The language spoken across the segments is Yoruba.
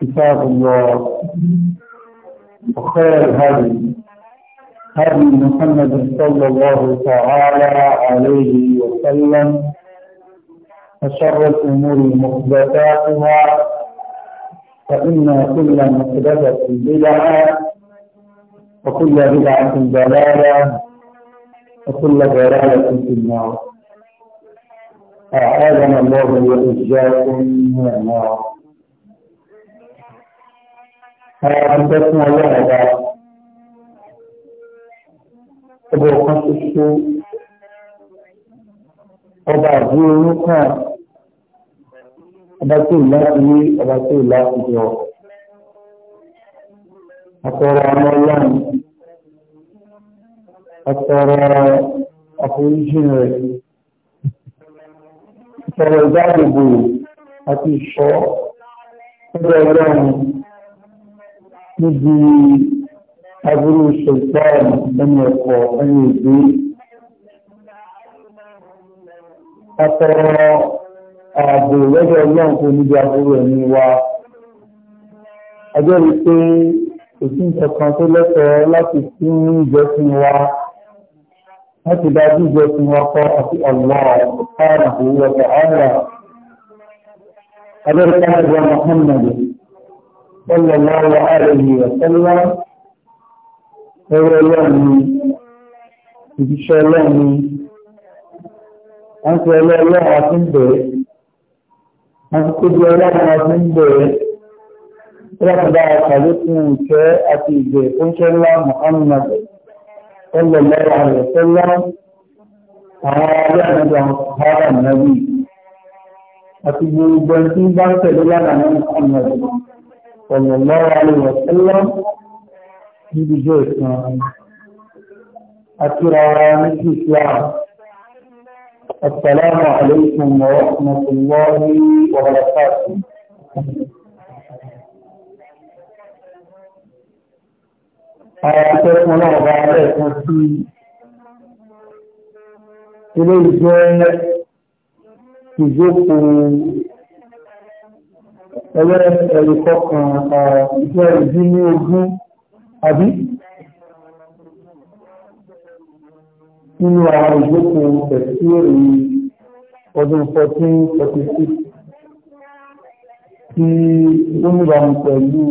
كتاب الله وخير الهدي هدي محمد صلى الله تعالى عليه وسلم وشر الأمور محدثاتها فإن كل محدثة بدعة وكل بدعة ضلالة وكل ضلالة في النار أعاذنا الله وإياكم من النار àdúgbò fún ọlọ́run ọba ọba ọ̀kan ṣoṣo ọba àbí oyún kan ọba tó ìlàkùn ní ọba tó ìlàkùn jọ àtọrọ ọmọ ọlọ́run àtọrọ àforíjì rẹ̀ àtọrọ ìdáàbòbò àti ìṣọ́ ọjọ́ ọlọ́run níbi aburú ṣètọ́ọ̀nù lẹ́nu ẹ̀kọ́ ẹni ìgbé àtọ̀rọ̀ ààbò lọ́dọ̀ ọlọ́run kò níbi aburú ẹ̀mí wa ọjọ́ rí pé òsì nǹkan tó lẹ́tọ̀ọ́ láti fún ìjọsìn wa láti dájú ìjọsìn wa kọ́ àti ọ̀lá ọ̀pá àbúrò ọ̀tọ̀ ààrẹ adọ́rẹ́kánájọ́ Muhammadu صلى الله عليه وسلم ẹ̀rọ ọlọ́run ìjíṣẹ́ ọlọ́run a ń fi ọlọ́ ọlọ́run a ti ń bẹ̀ẹ́ a ti kójú ọlọ́run a ti ń bẹ̀ẹ́ rẹ́pẹ̀dá àkàlékún ìfẹ́ àti ìgbẹ̀ oúnjẹ ńlá Muhammad ọlọ́lọ́rọ̀ ààrẹ tẹ́lá àwọn aláàbẹ̀dà ọ̀hárà nàbí àti gbogbo ẹni tí ń bá ń tẹ̀lé lánàá Muhammad صلى الله عليه وسلم في بجيتنا أكرام الإسلام السلام عليكم ورحمة الله وبركاته Àwọn akẹ́kọ̀ọ́ náà bá rẹ̀ ẹ̀wẹ́ ẹ̀rù kọkàn ìfẹ́ ìdí ní ogún àbí nínú àwọn ìjókòó tẹ̀síòrì ọdún 1446 tí ó níbàmù pẹ̀lú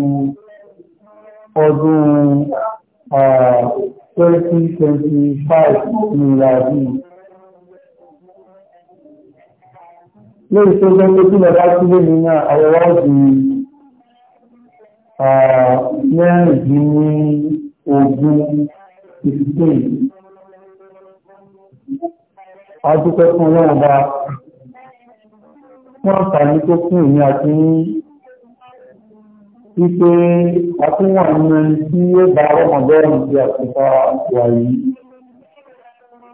ọdún 2025 ní ìlàjì lórí tó jẹ́ pé tí lọ́dá tí lè nínú àwọwá òdì mẹ́rìndín ní ogún ìfìsìn adúpẹ́ fún wọn ọba fún àǹfààní tó fún ìní àti ní wípé àtúnwọ̀n ní ẹni tí ó bá ọmọdéwọ̀n ti àtúnfà wà yìí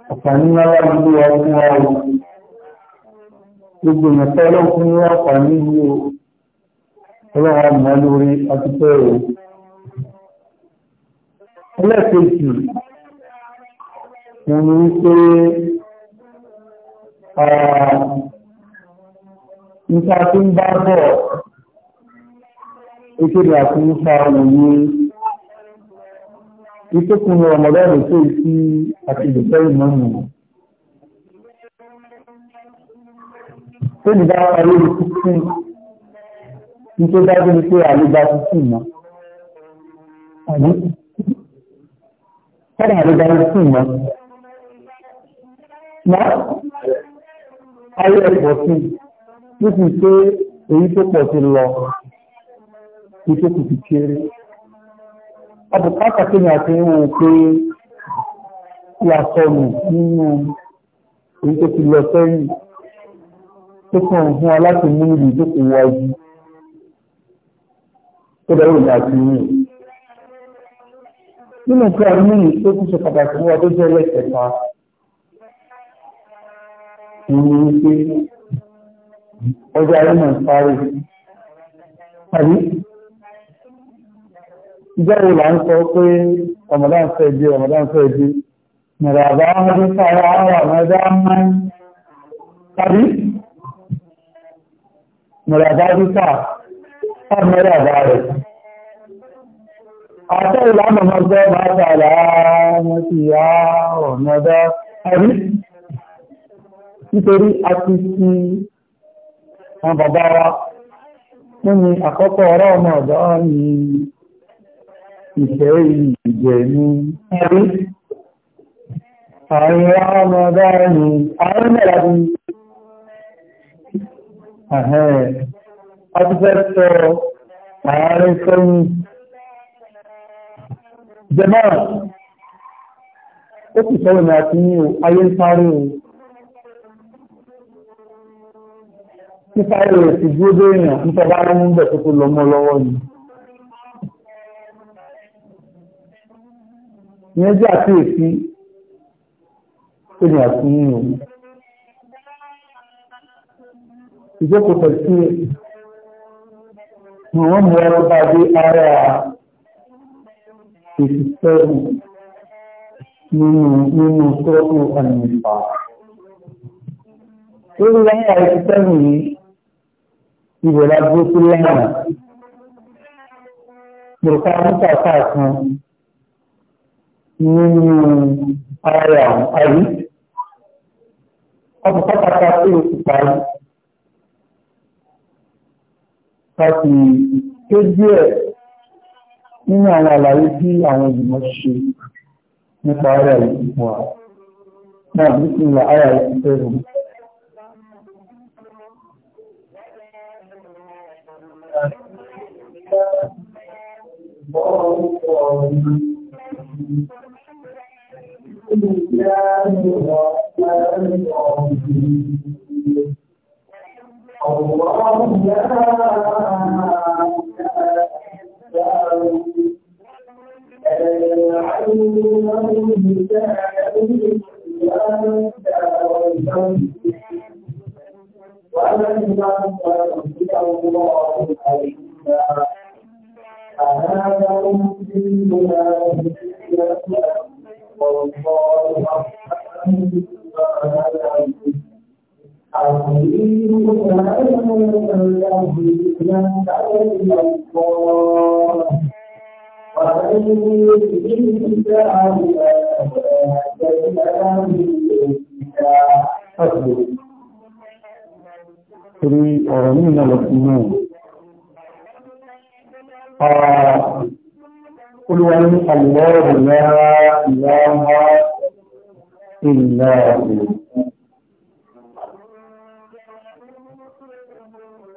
àǹfààní ńlá nílé wa wa yìí gbogbo èèyàn tó ọlọ́run fún ní àǹfààní yìí o ọlọ́run àmọ́ lórí adúpẹ́ o. ẹlẹ́ẹ̀kejì mo ní pé nípa tó ń bá bọ̀ ìkéde àti nípa òye ìtókùnrin ọmọdé àdókòó sí àti ìdókòó ìmọ̀nìyàn. tó ní bá wà lórí títí ní tó dájú ní pé àlejò títí mọ́ àbí kọ́dà àlejò títí mọ́ mọ́ ayé ẹ̀pọ̀ sí ní ti pé èyí tó pọ̀ sí lọ ní tó kù fi kéré ọ̀pọ̀pátà kí ni àti ń wò pé wà sọnù nínú èyí tó ti lọ sẹ́yìn tó kàn fún wa láti mú ìlú ìjókòó wájú tó dẹ̀rọ ìgbà tí ní. Nínú ìgbà mí tó kú ṣe pàtàkì fún wa tó jẹ́ lẹ́kẹ̀ẹ́ta, ìlú wípé ọjọ́ ayé náà sáré. Tàbí ìjọ́ wo là ń sọ pé Ramadan fẹ́ dé, Ramadan fẹ́ dé, Mọ̀rọ̀ àbá ń sára àwọn àmọ́dá máa ń tàbí mùràbáríkà ọmọràbá rẹ̀. Àtọ́ ìlànà ọmọdé máa tààrà wọn sí ìyá ọ̀nàdá àrí. Nítorí a ti fi wọn bàbá wa nínú àkọ́kọ́ ọ̀rọ̀ ọmọ ọ̀dọ́ ni ìfẹ́ ìjẹ̀ ní àrí. Àárín ọmọdé ni àárín mẹ́ra a ti fẹ́ sọ ààrin sẹ́yìn jẹmọ́ ó kù sọ́wọ́ ní àti ní ayé ń sáré o sísáré rẹ̀ sì dúró dé èèyàn nípa bá rán níbẹ̀ tó tó lọ mọ́ lọ́wọ́ ni ìyẹn jẹ́ àkíyèsí tó ní àti ní òun ìjókòó tẹ̀sí ni wọ́n mú ẹrọ bá dé ara ìsìsẹ́rù nínú nínú sọ́ọ̀tù àyìnbá. Lórí láyé àìsísẹ́rù yìí, ibẹ̀ la dúró sí lẹ́yìn. Mùrùkà nínú ara àyí. Ọkùnrin pàtàkì àti òkúta yìí káfí tó díẹ̀ nínú àwọn àlàyé bí àwọn ìgbìmọ̀ ṣe nípa ara ìgbìmọ̀ náà bí kí n la ara ìgbìmọ̀ Thank you. الله يا إلا الله ومن يهده الله فلا مضل له torí ọ̀rọ̀ ní ìlànà sí náà. Olúwa ní àlùmọ́ ìlànà ìlànà ìlànà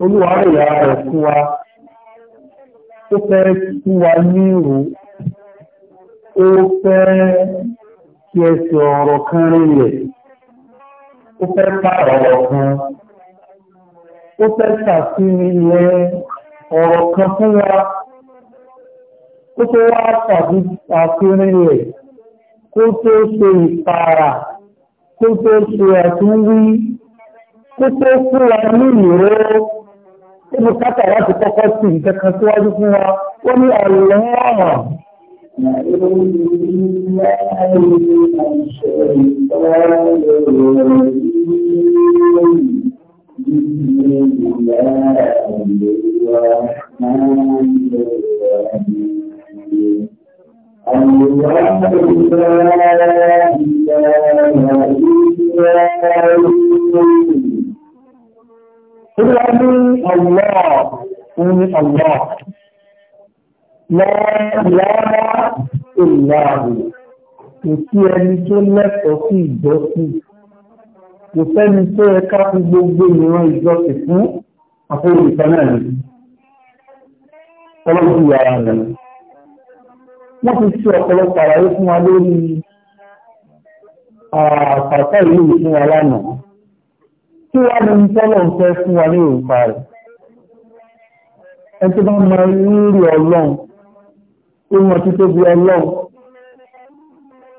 Olúwa rẹ̀ fún wa ó fẹ́ fún wa ní ìrò ó fẹ́ kí ẹsẹ̀ ọ̀rọ̀ kan rinlẹ̀ ó fẹ́ pààrọ̀ ọ̀rọ̀ kan ó fẹ́ ṣàfihàn ọ̀rọ̀ kan fún wa ó tó wá ṣàfihàn rẹ̀ kó tó ṣe ìpara kó tó ṣe àtúnwí kó tó fún wa ní ìró tí mo kápá láti kọ́kọ́ sí nǹkan síwájú fún wa wọ́n ní àlọ́ Thank you. Olúwa ní ọ̀wọ́ òun ní ọ̀wọ́. Lọ́ọ̀lọ́wọ́ ìlàrù kò sí ẹni tó lẹ́tọ̀ọ́ sí ìjọsìn. Kò sẹ́ni tó yẹ ká fún gbogbo ìran ìjọsìn fún àfọwọ́ ìtàn náà kí wá ní tọ́lọ̀ ń fẹ́ fún wa ní òǹkà rẹ̀ ẹni tó bá mọ rírì ọlọ́run tó mọ títí bí ọlọ́run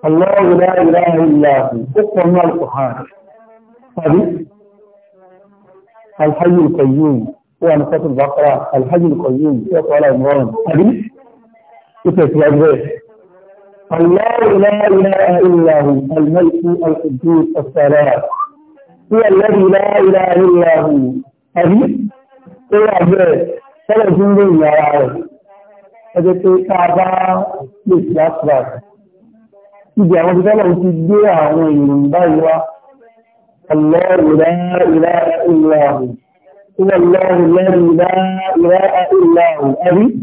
ọlọ́run láìlá ìlà ó pọ̀ ní alkùnrin tàbí alhaji alkayyum ó wà ní sọ́tún الله لا إله إلا هو الملك القدوس السلام هو الذي لا إله إلا هو أبي هو أبي سبع جنبين يا رأي أجل كعبا للأكبر إذا أردت أن تجد من بيوة الله لا إله إلا هو هو الله الذي لا إله إلا هو أبي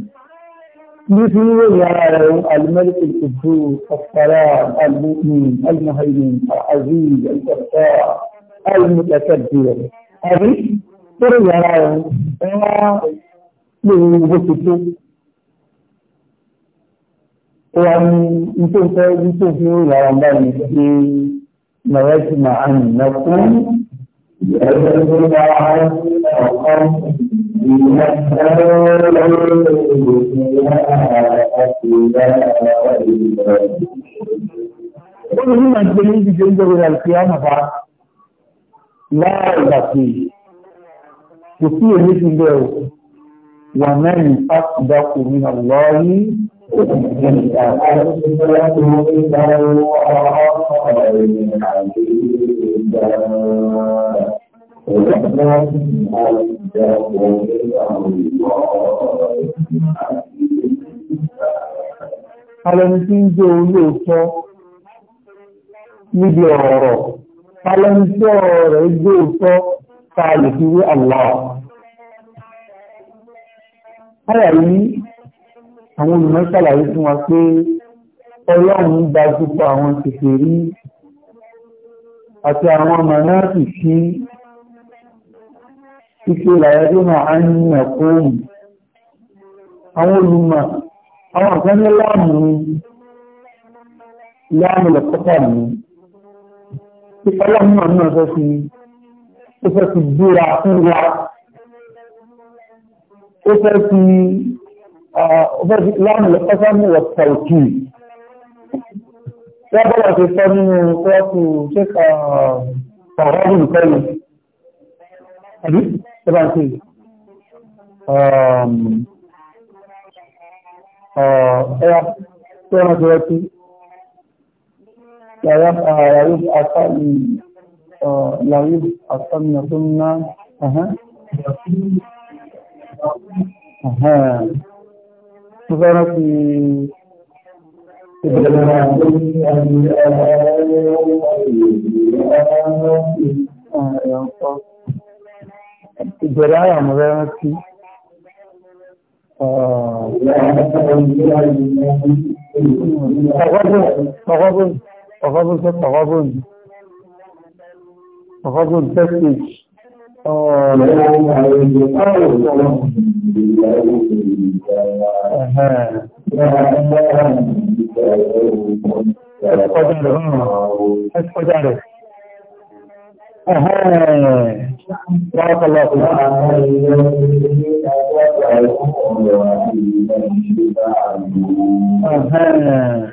مثل يا الملك القدوس السلام المؤمن المهيمن العزيز الجبار المتكبر àbí tóri yàrá rẹ̀ wọ́n lè ní ìbò tuntun. Ó wá ní nítòfẹ́ nítòfẹ́ yàrá ń bá mi ṣe mọ̀rẹ́tì màá ń nà fún ẹgbẹ́ tó bá ọ̀kan ìgbà Olùdíje ń gbèrò àlùfíà nàfà. láàgbà pé kò sí èmi ti bẹ̀ ọ́ wà mẹ́rin fásitì kò ní ọ̀lọ́ yìí Alẹ́ni tí ń jẹ́ olóòótọ́ níbi ọ̀rọ̀ Talẹ́ńtọ́ rẹ̀ gbé òótọ́ ta lè fi wé Allah. Báyà yìí, àwọn olùmọ̀ ṣàlàyé fún wa pé ọlọ́run gba gbogbo àwọn kèfèrí àti àwọn mọ̀nàtì sí ìṣe làyẹ́dínà àníyàn kóòmù. Àwọn olùmọ̀, àwọn àkọ́ni láàmù ni, láàmù lọ́kọ́tà ni ọlọ́run náà náà fẹ́ fi ó fẹ́ fi búra fún wa ó fẹ́ fi ó fẹ́ fi láàmú lọ́pọ́sá ní ọ̀pọ̀ òkú wọ́n bọ́lá ti sọ nínú pọ́ọ̀kù ṣé kọ̀ọ̀rọ̀ nǹkan yìí àbí ṣé bá ń pè é ẹ̀yà tó ẹ̀rọ ti rẹ̀ sí. لعيب أصلي لعيب أصلنا ثم أها أها مبارك الدراية مبارك تغضب تغضب Ọ̀fọ́gùn tó pọ̀fọ́gùn ọ̀fọ́gùn tẹ́sìtì ọ̀rọ̀ ẹ̀kọ́jà rẹ̀. بارك الله فيك أها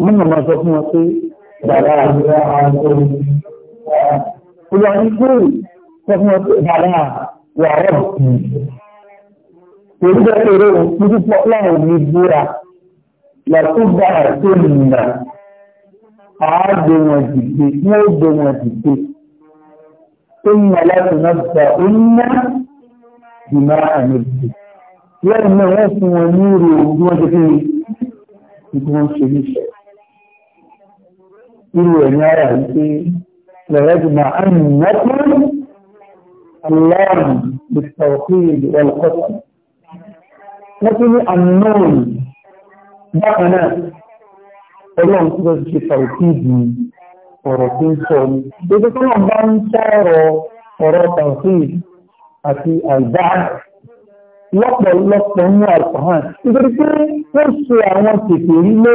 wọ́n mọ̀ máa sọ fún wọn pé bàbá àgbà àgbòrò ìwà ìgbòrò sọ fún wọn pé bàbá wà rọ̀ kì í jẹ́ eré níbi pọ̀ láwọn ní búra làkúgbà àti ìnira àádọ́ wọn dìde ní ó dọ́ wọn dìde tó ń yà láti náà gba oníná ìmọ̀ àmì lẹ́yìn náà wọ́n fún wọn ní ìrò ogun ọjọ́ kí ni ìgbìmọ̀ ṣe níṣẹ́ irú ẹ̀ ní ara wípé lọ́rẹ́dùmá àmì mọ́kúrú aláàrùn ìtàwọ̀kúrèdè ọlọ́kọ́tà wọ́n tún ní àmọ́rùn bákan náà ọlọ́run tí wọ́n ti ṣe tàwọ̀kúrèdè ọ̀rọ̀ tí ń sọ ni gbogbo tí wọ́n bá ń sọ̀rọ̀ ọ̀rọ̀ tàwọ̀kúrèdè àti àìbá lọ́pọ̀lọpọ̀ nínú àlùkò hàn wọ́n ṣe àwọn kèfèrí lè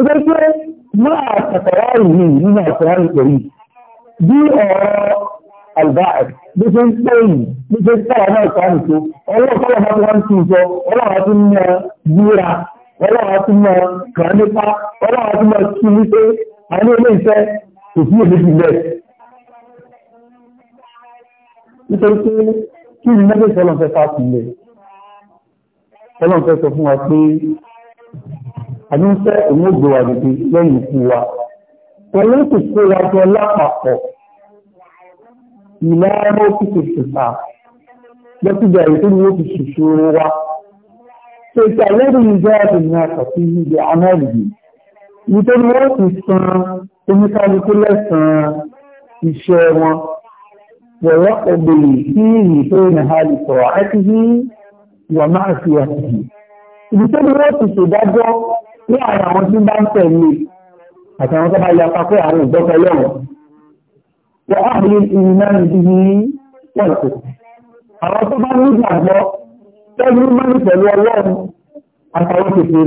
Ibẹ̀ pé máa àtàkàrárì ní nínú àtàkàrárì pẹ̀lú bí ọ̀rọ̀ àlùbáàdì bí ṣe ń pè yìí bí ṣe ń sára náà ìpáàmì tó ọlọ́ọ̀kọ́lọ́ máa wá ń tún jọ ọlọ́wà tún mọ búra ọlọ́wà tún mọ kàn nípa ọlọ́wà tún mọ kí ní pé àwọn ilé iṣẹ́ kò sí èdè ti bẹ̀. Nítorí pé kí ni mẹ́tẹ̀ẹ̀sì ọlọ́fẹ́ fà sílẹ̀ ọlọ́fẹ́ sọ fún wa pé àbí ń fẹ́ òun ògbò wa dìde lẹ́yìn ikú wa pẹ̀lú ìpèsè wa jọ lápapọ̀ ìlànà òkúta ìṣèkà lọ́sídà ètò ni ó ti ṣèṣòro wa ṣe ìtàlẹ́rù ìjọ àdìmọ́ àkàtì ìdí anáàlì nítorí wọ́n ti san oníkálukú lẹ́sàn-án iṣẹ́ wọn wọ̀rọ̀ ọ̀gbẹ̀lẹ̀ sí ìrìn tó rìn àhàlì sọ̀rọ̀ àti yí wà máa fi àtìyí ibi wọ́n ti ṣèdájọ́ ní àwọn àwọn tí bá ń tẹ̀lé àtàwọn tó bá ya papé àwọn ìgbọ́kọ̀ lọ́wọ́ wọ́n á rí iná níbi ní pọ̀tù àwọn tó bá ní ìgbàgbọ́ tẹ́lú mọ́nì pẹ̀lú ọlọ́run àtàwọn kékeré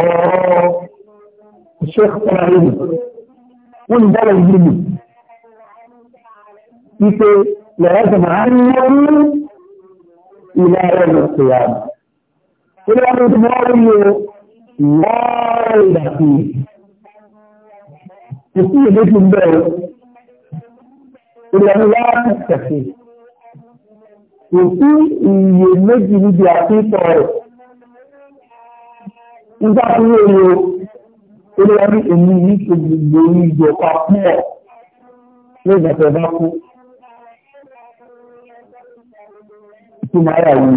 ọ̀rọ̀ ìṣẹ́kọ̀ọ́rẹ́lì wọ́n ń dára ìlú mi wípé lọ́wọ́ tó máa ń lọ́rùn ìlà ẹ̀rọ ó lè wọ́n tó wọ́n rí o wọ́n ìdà sí kò sí èdè tó ń bẹ̀ o ó lè wọ́n wọ́n tẹ̀sí kò sí iye méjì níbi àtúntọ̀ rẹ̀ nígbà tó yẹ o ó lè wọ́n ní èmi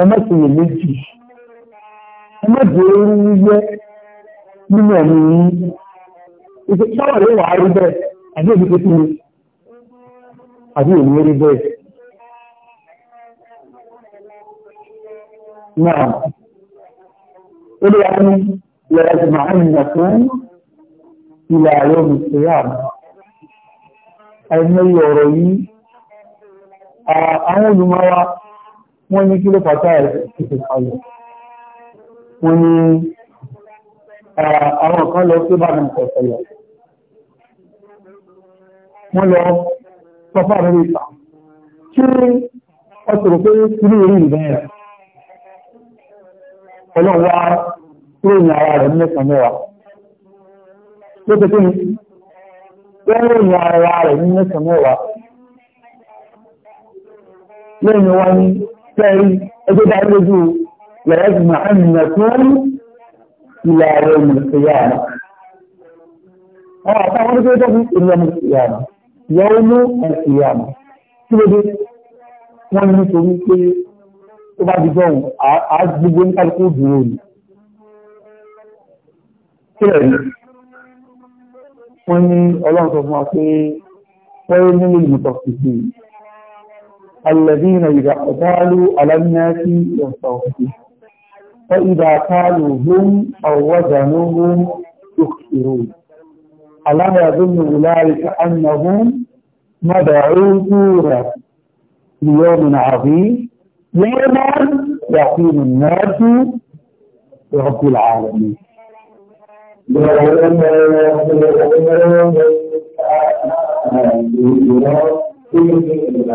ẹ má ṣe yè méjì ẹ má jẹ orí wíwẹ́ nínú ẹ̀mí yín ìṣe sáwà ló wà á rí bẹ́ẹ̀ àbí èmi tó kíni àbí èmi rí bẹ́ẹ̀. Náà, ó lè wá ní lẹ́yìn màá ń yàn fún ilẹ̀ ààrẹ olùsèyà àìmọye ọ̀rọ̀ yìí àwọn olùmọ̀ wọ́n ní kí ló pàtà ìṣẹ̀ṣẹ̀ kalẹ̀ wọ́n ní àwọn kan lọ sí bàbá nǹkan ṣẹlẹ̀ wọ́n lọ sọ fún àwọn ìta kí wọ́n sọ̀rọ̀ pé irú orí ìbẹ̀rẹ̀ ọlọ́run wá kúrò ní ara rẹ̀ mẹ́sàn mẹ́wàá ló ti kí ni wọ́n ní ara rẹ̀ mẹ́sàn mẹ́wàá lẹ́yìn wá ní tẹ́rí ẹgbẹ́ bá lójú yàrá ìgbìmọ̀ àmìnà tó ń ilẹ̀ ààrẹ ìmọ̀lẹ́sẹ̀yà rẹ̀. Àwọn àtàwọn oníṣẹ́ tó fún ilẹ̀ ìmọ̀lẹ́sẹ̀yà rẹ̀ yàwó mú ẹ̀sẹ̀yà Kí ló dé? ní torí pé ó bá di jọ̀hún, àá gbogbo ní kálukú dúró ni. Kí lẹ̀ ní? ní ọlọ́run sọ fún wa pé wọ́n ní nílùú tọ̀sí sí i. الذين إذا قالوا على الناس ينفعون فإذا قالوا هم أو وزنهم يخسرون ألا يظن أولئك أنهم مبعوثون ليوم عظيم يوم يقيم الناس رب العالمين يوم يقيم الناس Wọ́n ní ìdíkìlì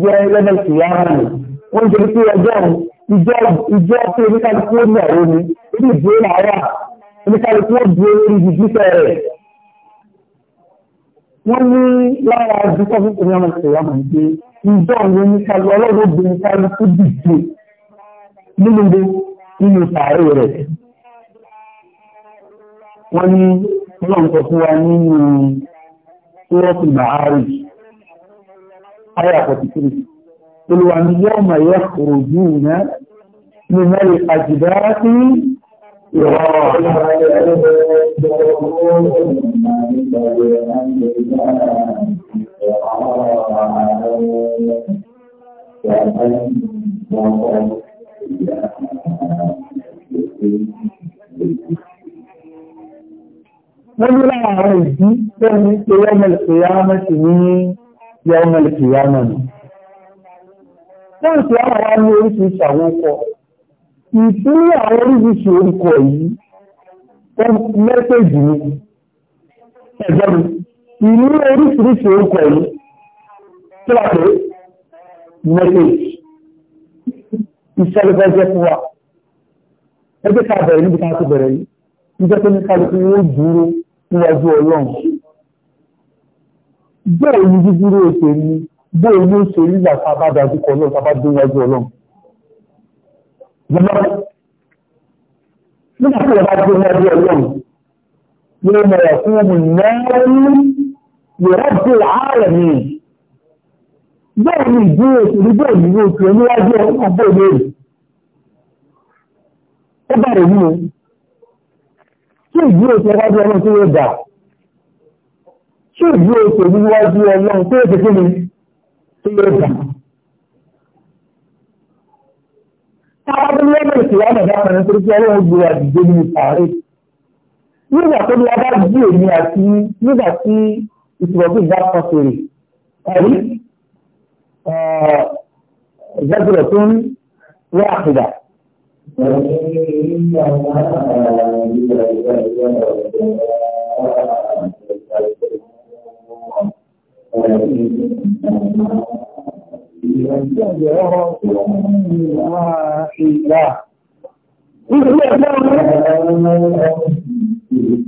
jẹ́ lẹ́bẹ̀ sí ara rẹ̀. Wọ́n jẹ́ pé ọjọ́ ìjọ tí oníkàlùkù ó ní àwọn ní, ó ní ìdúró làárà, oníkàlùkù ó dúró lórí ìdíkìlì rẹ̀ wọ́n ní lára dúpọ́ fún kòmí ọmọ ìṣẹ̀yà mọ̀ pé ìjọ òun ní kálu ọlọ́run obìnrin kálu tó dìde nínú ilé nínú sàárè rẹ̀. wọ́n ní ọlọ́run nínú ìrọ́pù màárì ayé àkọ́tìkiri olùwà ní yóò mọ̀ kòrò jù náà ní mẹ́rin àjìdá sí Wọ́n lára àwọn ìdí tó ní pé yọ́mọ̀lùkìyàmọ̀ sí ní yọ́mọ̀lùkìyàmọ̀ nù. Wọ́n ti àwọn wá ní oríṣiríṣi àwọn ọkọ̀. Ìtúrí àwọn oríṣiríṣi orúkọ yìí, wọ́n mẹ́tẹ̀jì ní ẹgbẹ́rún ìní oríṣiríṣi orúkọ yìí tí wà pé message ìṣẹ́lẹ̀ fẹ́ fún wa ẹgbẹ́ ká bẹ̀rẹ̀ níbi ká ti bẹ̀rẹ̀ yìí níjẹ́ tó ní kálukú yóò dúró níwájú ọlọ́run bẹ́ẹ̀ ni dídúró ètò ní bẹ́ẹ̀ ni ó ṣe nígbà tá a bá dájú kọ ọlọ́run tá a bá dé níwájú ọlọ́run nígbà tí wọ́n bá dé níwájú ọlọ́run yóò mọ̀ ẹ̀ fún ọmọ ìnáwó lèrọ́pù ààrẹ̀ ni bẹ́ẹ̀ ni ìdí òṣèlú bẹ́ẹ̀ ni ìwé òṣèlú níwájú ọgbọ́ ilé rẹ̀ ó bẹ̀rẹ̀ mú kí ìdí òṣèlú níwájú ọlọ́run tó yóò dà kí ìdí òṣèlú níwájú ọlọ́run tó yóò dé kí ni tó yóò dà. Táwọn ọmọ ilé ìṣèlú ọmọ ìdáhùn ẹni tó kí ọlọ́run gbé àdìgbé nínú sàárè. Nígbà tó ní abá gbé èmi àti nígbà tí ìtùbọ̀tún bá kọ sórí ẹ̀rí zẹ́gbẹ̀rẹ̀ tó ń wá àkùdà. Ìgbésẹ̀ náà ń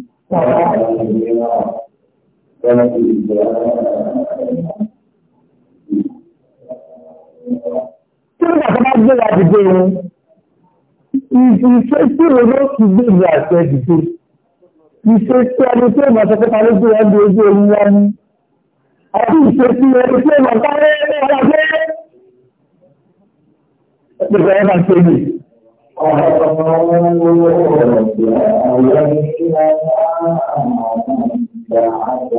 bá. Tí ó bàtà bá gbé wa dìde wọn, ìṣe tí o ló fi gbé ìgbà àṣẹ dìde. Ìṣe tí ẹni tí ó bá sọ pípa lójú wọn di ojú omi wọn ni. Àti ìṣe tí ẹni tí ó bá sáré ọ̀rọ̀ gbé. Ọ̀rọ̀ ọ̀rọ̀ ọ̀rọ̀ ọ̀rọ̀ ọ̀rọ̀ ọ̀rọ̀ ọ̀rọ̀ ọ̀rọ̀ ọ̀rọ̀ ọ̀rọ̀ Iná jẹ́ ìgbẹ́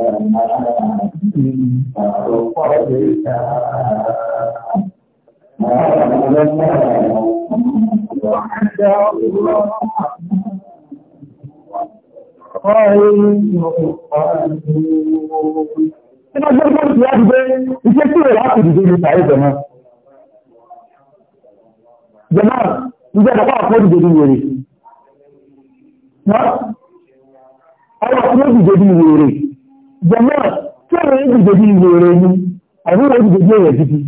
ìgbẹ́ ìgbẹ́ iṣẹ́ tí rẹ̀ láti dìde ní ṣàrí jẹ̀mọ́. Jẹ̀mọ́, ìjẹ́ ìdọ̀pá àpọ̀ ìdìde ní wèrè ọwọ́ tí ó dìde bí wèrè jẹmọ́ tí ó dìde bí wèrè ni àwọn ó dìde bí èyẹ gidi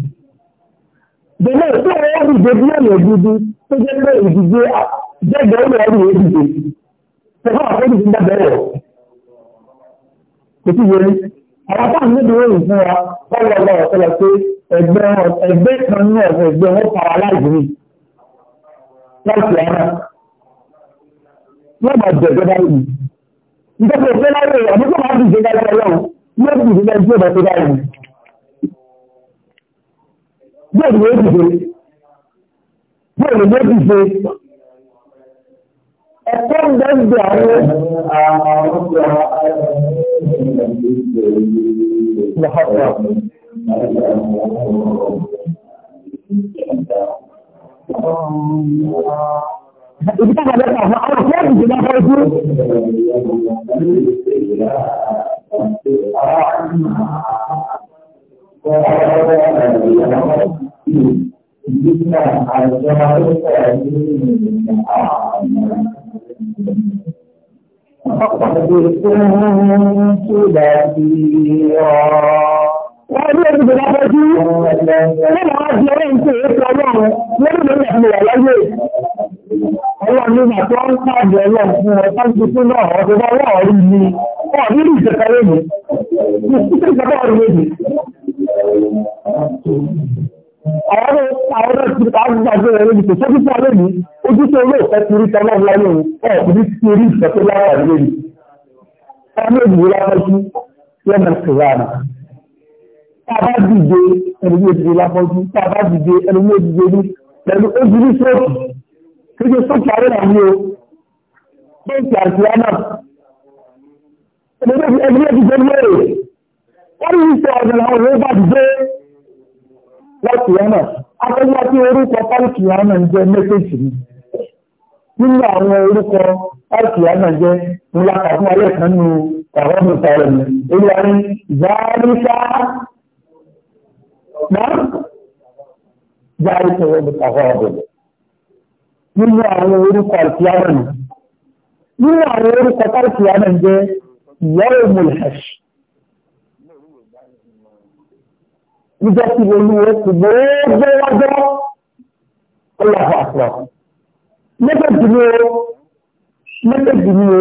jẹmọ́ tí ó dìde bí èyẹ gidi tó jẹ́ pé ìdíje jẹ́gbẹ́ ó lọ́ọ́ rèé dìde tẹ̀fọ́ àkọ́dù ti ń dábẹ́ rẹ̀ kò sí wọlé àwọn táwọn níbi wọ́n fún wa wọ́n lọ lọ ọ̀sẹ̀lẹ̀ pé ẹgbẹ́ ẹgbẹ́ kan ní ọ̀sẹ̀ ẹgbẹ́ wọn pa aláìsí ni láti ara wọ́n bá jẹ̀gbẹ́ báyìí nítorí òfin láyé àdúgbò máa dùn ìjọba ọlọ́run yóò dùn ìjọba tí ó bá tó dára yìí yóò dùn yóò dùn yóò dùn yóò dùn ẹ̀kọ́ ń bẹ́ ń bẹ àwọn lọ́pọ̀ Oh, my God ibi tó gbàgbé kan fún àwọn fẹ́ẹ̀kì tó bá fẹ́ fún. فقد كنت بصيرا wọ́n ní ẹni ìgbìmọ̀ bọ́ sí ẹlẹ́nà wá di ọ̀rẹ́ ìṣe ètò ọlọ́run lórí lórí ẹ̀sìn wà láyé ọlọ́run ní ìgbà tó ń pàdé ọlọ́run fún ọ tó ń tuntun náà ọ̀sẹ̀ bá wọ́n rí ni wọ́n rí ní ìṣẹ̀kẹ́ lónìí ìṣẹ̀kẹ́ ìṣẹ̀kẹ́ ọ̀rọ̀ lónìí. Àwọn àwọn ti ká gbàgbé rẹ̀ tàbá dìde ẹni yóò dìde lápọ́jú tàbá dìde ẹni yóò dìde ní pẹ̀lú ojúlé sóòtù kéde sóòtù àrẹ náà ní o bẹ́ẹ̀kì àti àmà ẹni yóò dìde ní èrè wọ́n ní sọ ọ̀dọ̀ àwọn òwe bá dìde láti àmà akẹ́kọ̀ọ́ tí orúkọ pálíkì àmà ń jẹ́ mẹ́sẹ̀jì ni nínú àwọn orúkọ pálíkì àmà jẹ́ ńlá kàfún alẹ́ kan nù ọ̀rọ̀ mi sọ̀rọ̀ mi olùwárí zàríkà نعم ذلك هو التفاضل nínú àwọn orúkọ àlùkìyámà ni nínú àwọn orúkọ àlùkìyámà ń jẹ́ ìyáwó mọ̀lẹ́ṣì nígbà tí olúwo ti gbogbo wájọ́ ọlọ́pàá àpọ̀ méjèèjì ni o méjèèjì ni o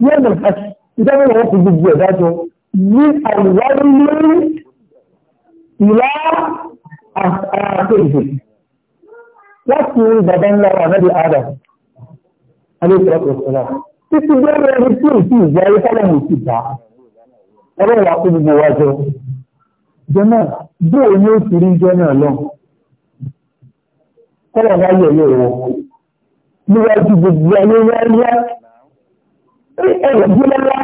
ìyáwó mọ̀lẹ́ṣì ìjọba ìwọ̀n ti gbogbo ẹ̀dájọ́ ní àwùwárí lórí ìlà àkéjì láti orí bàbá ńlá wà náà di àdà alẹ́sọ̀rọ̀sọ̀rọ̀ títí bí ọ̀rọ̀ ẹni tí èsì ìjà ayé sálẹ̀ mọ̀ sí bá ọlọ́run wa kó gbogbo wa jọ jọmọ bóò ni ó ti rí jọ náà lọ kọlọ wa yẹ yẹ wọ níwájú gbogbo ayé wáyé ẹ ẹ lọ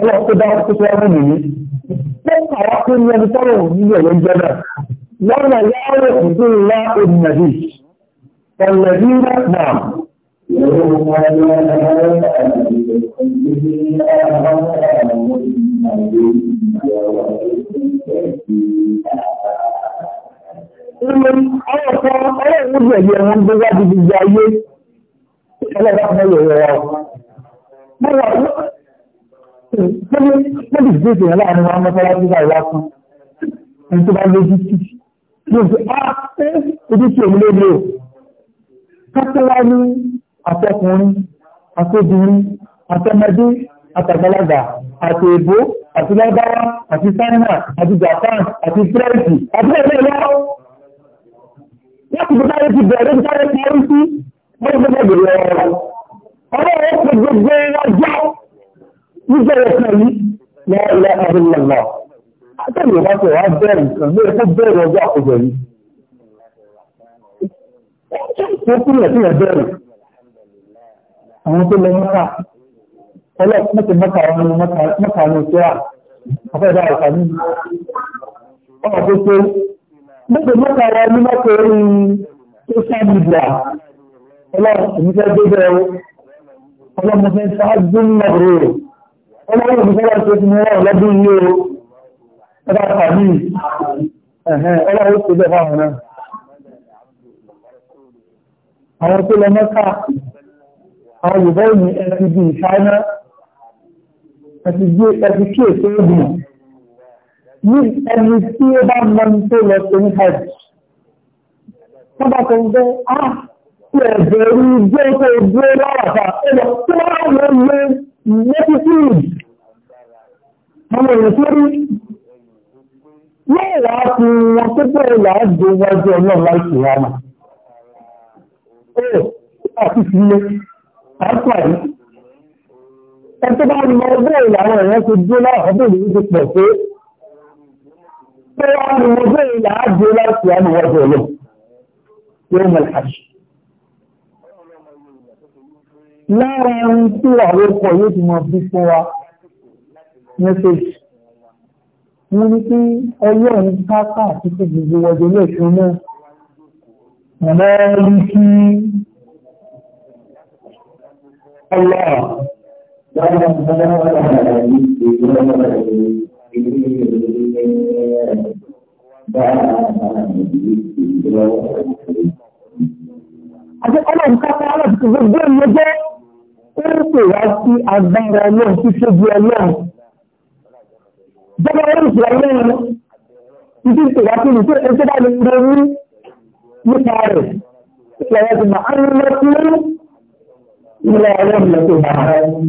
ọlọ́run tó dáwọ́ tó sọ́wọ́ mi ní. lẹ́yìn àwọn tó ní ẹni tọ́rọ nílé ẹ̀yẹ jẹ́ náà lọ́nà yáwó ìdí ńlá òmìnàbí ọ̀lẹ́bí náà. Ilé ọ̀pọ̀ ọlọ́run ní ẹ̀yẹ wọn gbé wá di gbogbo ayé. Ọlọ́run ní ẹ̀yẹ wọn. lórí ìgbésẹ̀ yẹn láàrin wọn mọ́sálásí bá ìwá fún ẹni tó bá lójú tì yóò fi á ah, pé ojú tí òun lórí o kákẹ́lá ní àtọkùnrin àtobìnrin àtọmọdé àtàgbàlagbà àti èbó àti lágbára àti sáínà àti japan àti fúrẹ́ǹsì àti ẹgbẹ́ lọ. láti bí táyé ti bẹ̀rẹ̀ bí táyé ti parí sí wọ́n ti gbọ́dọ̀ bẹ̀rẹ̀ ọ̀rọ̀ ọ̀rọ̀ ọ̀rọ̀ gbogbo ọjọ́ níbẹ̀rẹ̀ pẹ̀lú lọ́ọ̀lọ́ ọdún lọ́lọ́ látàrí ìwà tó wá bẹ̀rẹ̀ ìgbé tó bẹ̀rẹ̀ ọjọ́ àkójọ yìí tó kúrò sí ẹ̀ bẹ̀rẹ̀ àwọn tó lọ mọ́ta ọlọ́pàá ti mọ́ta wọn ni mọ́ta ní ìṣẹ́ à afẹ́dá ọ̀tà ní ọ̀rọ̀ tó tó mọ́ta mọ́ta wọn ni mọ́ta orí social media ọlọ́pàá ti fẹ́ gbé bẹ́ẹ̀ ọlọ́pàá ti fẹ́ ní ọ̀rọ̀ ọlọ́run ìgbẹ́lá tó ti mọ́ wọ́n bá ah, tó ń mẹ́tíkìrì ọmọ èèyàn tó rí lẹ́ẹ̀lá fi wọn tó bẹ̀rẹ̀ láàájò wájú ọ̀nà láìsí àmà ó àti sílé àpàrí ẹni tó bá ń lọ bẹ́ẹ̀ làwọn èèyàn ti dé láwọn bẹ́ẹ̀ ló ti pọ̀ pé pé wọ́n ń lọ bẹ́ẹ̀ láàájò láìsí àmà wájú ọ̀nà yóò mọ̀ láàájò lára ohun tí àwọn ọkọ̀ yóò ti mọ̀ fi fún wa mẹ́sẹ̀jì wọ́n ní pé ọlọ́run pápá àti pé gbogbo ọjọ́ lẹ́sùn náà mọ̀mọ́ rí kí ọlọ́ Àti ọlọ́run kápá gbogbo ìyẹn jẹ́ ó ń pè wá sí agbára ọlọ́run tí ṣe bí ọlọ́run. Bọ́lá ọlọ́run sí ọlọ́run ìdí ìpè wá sí ìdí ẹgbẹ́ bá lè ronú nípa rẹ̀. Ìṣẹ̀lẹ̀ ẹ̀sìn máa ń lọ sí ilé ọlọ́run lọ́tọ̀ bá rẹ̀. Ọlọ́run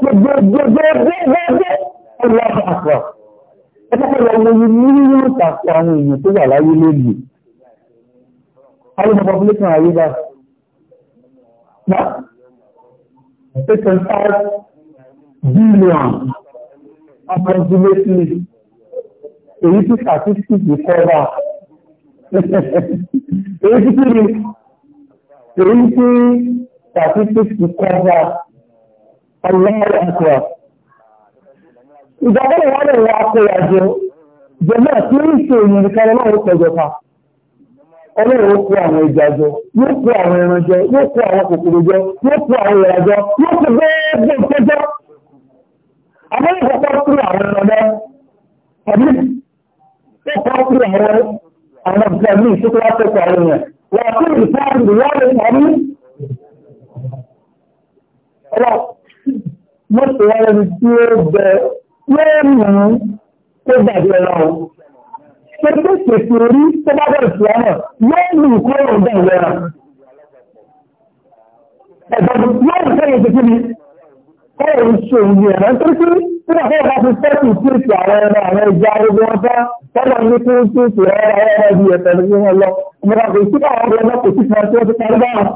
ṣe gbogbo gbogbo gbogbo ọlọ́run àpọ̀ ẹgbẹ́ lọ lórí mílíọ̀nù tàkù àwọn èèyàn tó wà láyé lónìí alùpùpù population ayé bá na eight point five billion approximately èyí tí statistics kọ́ra èyí tí kiri èyí tí statistics kọ́ra ọlọ́run ẹ̀kọ́ ìjọba ìwọ́n lè wọ akóyàjọ jẹ̀mọ́ tí ń ṣe èèyàn nìkan náà ó pẹ̀jọ pa ọlọ́run ó kó àwọn ìjà jọ yóò kó àwọn ẹran jọ yóò kó àwọn kòkòrò jọ yóò kó àwọn ìyàrá jọ yóò kó gbẹ́gbẹ́ ìtẹ́jọ́ àmọ́ ìkọ̀kọ́ kúrò àwọn ẹran náà tàbí ìkọ̀kọ́ kúrò àwọn àwọn ọ̀gá mi ìṣókò láti ẹ̀kọ́ àwọn èèyàn wọ́n kúrò ìfáàrù ìwádìí tàbí ọlọ́ mọ́tò wọn ni tí ó bẹ yóò mú kó dàbí ọlọ́run. Ṣé tó pèsè orí tó bá bẹ̀rẹ̀ sí ọmọ yóò mú kó òun bẹ̀ ìlera. Ẹ̀gbọ́n yóò mú sẹ́yìn tó kíni kọ́ òun ṣe òun yẹn rẹ̀ nítorí tí wọ́n fẹ́ bá ti sẹ́kù sí ètò àwọn ẹran àwọn ẹja gbogbo wọn fẹ́ tọ́lọ̀ ní kí wọ́n sí ètò ẹran àwọn ẹran ẹ̀fẹ̀ ní wọn lọ. Ìjọba kò sí káwọn ọmọ ẹgbẹ́ kò sí kan tí wọ́n ti bá wọn.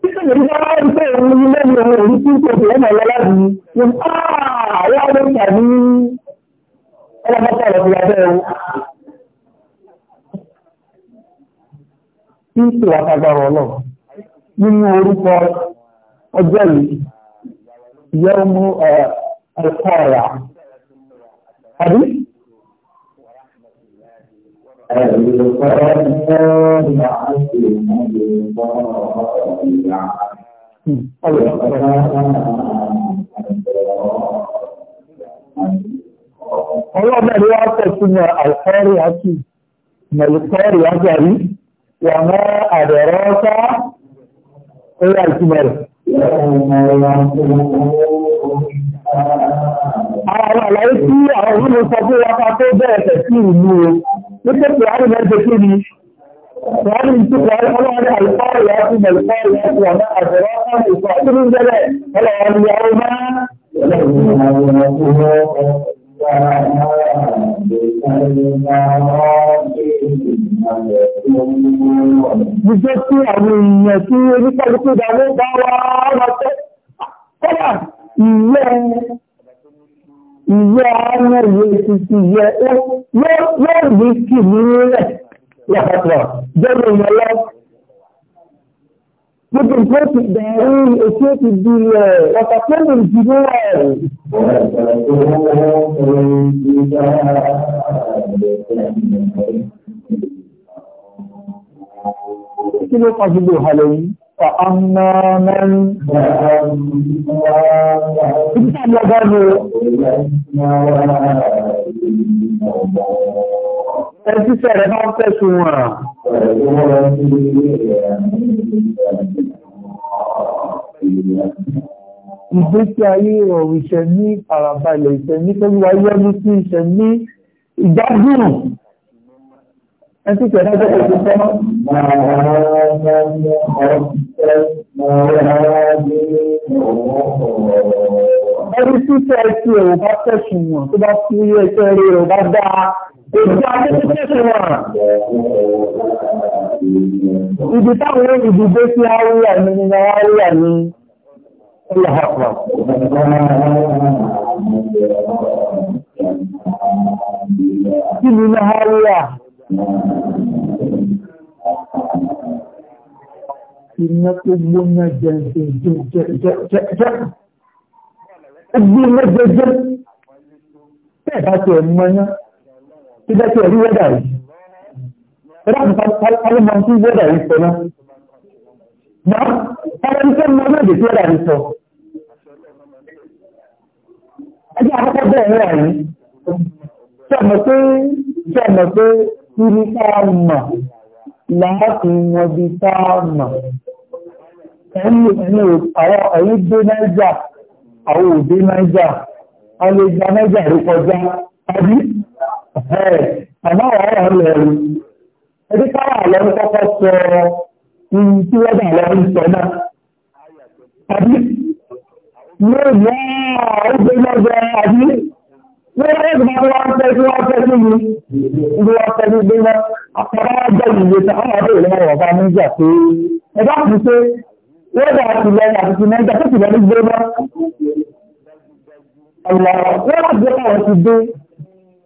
Títí ìdílé wọn ń pè é ní ilé mi òun òun tí kò sí ọmọ ọlọ́lá yìí àwọn ọmọdé àbí ọlọ́pàá ọ̀rọ̀ ìyá bẹ́ẹ̀ o. Kí n sì wá kágbára ọlọ́run nínú orúkọ ọjọ́ yìí yẹ́ mú ẹ̀kọ́ ọ̀rà. Àbí? Hmm, ọ̀rọ̀ ọlọ́bẹ̀ ló wá pọ̀ sínú àìkọ́rí àti mẹ̀lùkọ́rí àjàrí wà mọ́ àdẹ̀rọ́ ọ́sá orí àìsímọ̀ rẹ̀. Àwọn àlàyé tí àwọn òṣèlú sọ fún wa ká tó bẹ̀rẹ̀ tẹ̀ sí ìlú o, ní pẹ̀lú àwọn ìbẹ̀rẹ̀ tó ní wọ́n ní tí wọ́n ọlọ́run àìkọ́rí àti mẹ̀lùkọ́rí àti wà mọ́ àdẹ̀rọ́ ọ́sá والذين tí àwọn èèyàn tí oníkàlùkù ìdàmú bá wá rọ̀tẹ́, kọ́lá ìyẹ́ ìyẹ́ ọmọ ìwé títí yẹ ó yóò rí kì ní rẹ̀ jẹ́ ìyẹn gbogbo nǹkan ti bẹ̀rù ètò ti di rẹ̀ ọ̀tà pẹ̀lú ìdílé rẹ̀. kí ló kọ́ gbogbo ìhàlẹ̀ yìí? Fa'amma man Ibi tí a lọ bá ní o ẹjíṣẹ́ rẹ̀ bá ń fẹ́sùn wọn. Ìgbésí ayé ìrọ̀rùn ìṣẹ́ ní àràbalẹ̀ ìṣẹ́ ní pẹ̀lú ayọ́nú sí ìṣẹ́ ní ìgbádùn. Ẹjíṣẹ́ rẹ̀ bá ń fẹ́sùn wọn. Ẹni tí fẹ́ ti ẹ̀rọ bá fẹ́sùn wọn tó bá fúyẹ́ ẹ̀ṣẹ́ rẹ̀ bá dáa. Ìjọ adébítẹ́sì wọn. Ibi táwọn olùdíje sí Áríyà ni ní Áríyà ni Ìyàhọ̀pọ̀. Kí ni ní Áríyà? Iná tó gbóná jẹ́ jẹ́ jẹ́ jẹ́ jẹ́ jẹ́. Ó gbóná jẹ́ jẹ́. Bẹ́ẹ̀ bá ti mọ́ yán tí bẹ́ẹ̀ tí ẹ̀rí wẹ́dà yìí ẹ̀rọ àti mọ tí wẹ́dà yìí sọ náà náà ẹ̀rọ tí mọ náà dé tí wẹ́dà yìí sọ ẹjẹ́ àkọ́kọ́ bẹ́ẹ̀ rẹ̀ yìí tí ọmọ pé tí ọmọ pé kí ká mọ̀ láti wọn ká mọ̀ ẹ̀yìn ẹ̀yìn àwọn ẹ̀yìn dé náíjà àwọn òde náíjà àwọn ìgbà náíjà kọjá tàbí bàbá wa wà lẹ́rù ẹbí káwà lọ́wọ́ kọ́kọ́ sọ ohun tí wọ́n dà lọ́wọ́ sọ náà àbí lóògbé ọgbẹ́ lọ́gbẹ́ àbí lóògbé ìgbà wọ́n fẹ́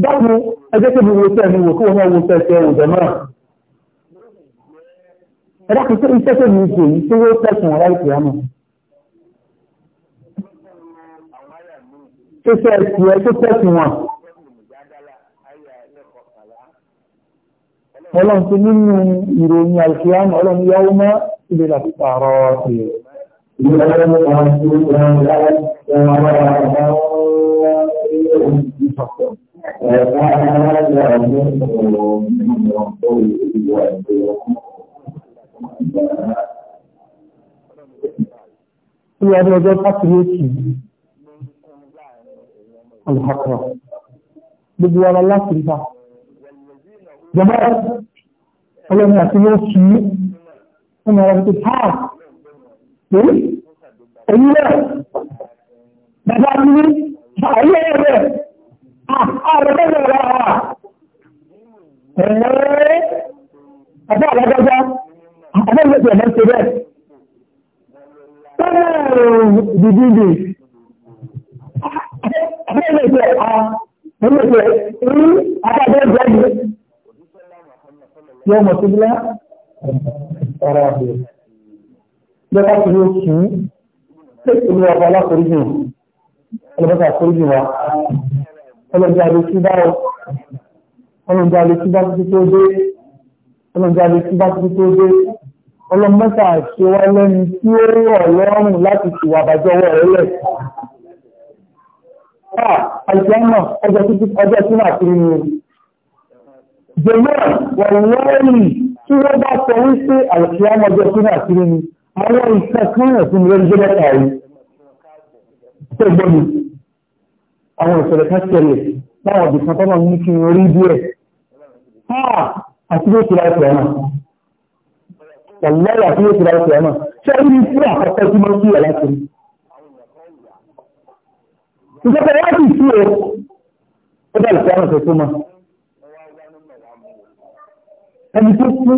dákun ẹjẹ́ tó bí wọ́n tẹ́ẹ̀mí wò kí wọ́n wọ́n tẹ́ẹ̀kẹ́ òjò náà ẹ̀dákun tó iṣẹ́ tó bí ìṣe yìí tó wọ́n tẹ́kùn ọ̀rá ìpè àmọ́ tó fẹ́ ẹ̀sìn ẹ̀ tó tẹ́kùn wọn. ọlọ́run ti nínú ìròyìn àìsíámù ọlọ́run yáwó mọ́ ilé láti pààrọ̀ ọ̀sẹ̀ Ìgbàlódé ọ̀hún ti ń gbọ́n láti ọ̀rọ̀ àwọn ọ̀rọ̀ Ilé ọdún ọjọ́ pàtíyèkì alhakra. Gbogbo ara láti rí bá. Jọba ọlọ́run àti yóò kí ní ọmọ ọ̀rọ̀ tó táà. Èyí? Èyí rẹ̀? Bàbá mi ní ààyè rẹ̀ àrùbẹ́rẹ̀ wà ẹ̀ẹ́ ọ̀pọ̀ àlọ́gbọ́gbọ́ àbẹ́lẹ́gbẹ̀ ẹ̀mọ́ ṣe bẹ́ẹ̀ tọ́lá dìdìdì àbẹ́lẹ́gbẹ̀ àbẹ́lẹ́gbẹ̀ rí àbẹ́lẹ́gbẹ̀ yóò mọ̀ síbílá ọ̀rọ̀ àbẹ̀ lọ́pàá tí ó kìí pé ìlú ọ̀pọ̀ alákòóríjì ọlọ́pàá àkóríjì wa ọlọ́jà lè ti bá ọ ọlọ́jà lè ti bá títí tó dé ọlọ́jà lè ti bá títí tó dé ọlọ́mọ́sà ṣe wá lẹ́nu tí ó rọ̀ lọ́rùn láti ṣìwà àbájọ ọwọ́ rẹ lẹ̀. àìsàn ọjọ́ tí máa kiri ni jẹ̀mọ́ wọ̀nyẹ́rì tí wọ́n bá sọ wípé àìsàn ọjọ́ tí máa kiri ni àwọn ìṣẹ́kùnrin ẹ̀sìn lórí jẹ́ mẹ́ta yìí àwọn ìṣẹ̀lẹ̀ ká ṣẹlẹ̀ láwọn ọ̀dùn kan tọ́lọ̀ ní kí n rí díẹ̀ ah, àti bí ó ti láì pẹ̀lú ọ̀nà ọ̀lẹ́yà tí ó ti láì pẹ̀lú ọ̀nà ṣé ní fún àkọ́kọ́ tí wọ́n kíyà láti rí ìjọba wá sì sí o ó dà lùpẹ̀ ọ̀nà tuntun mọ́ ẹni tó kú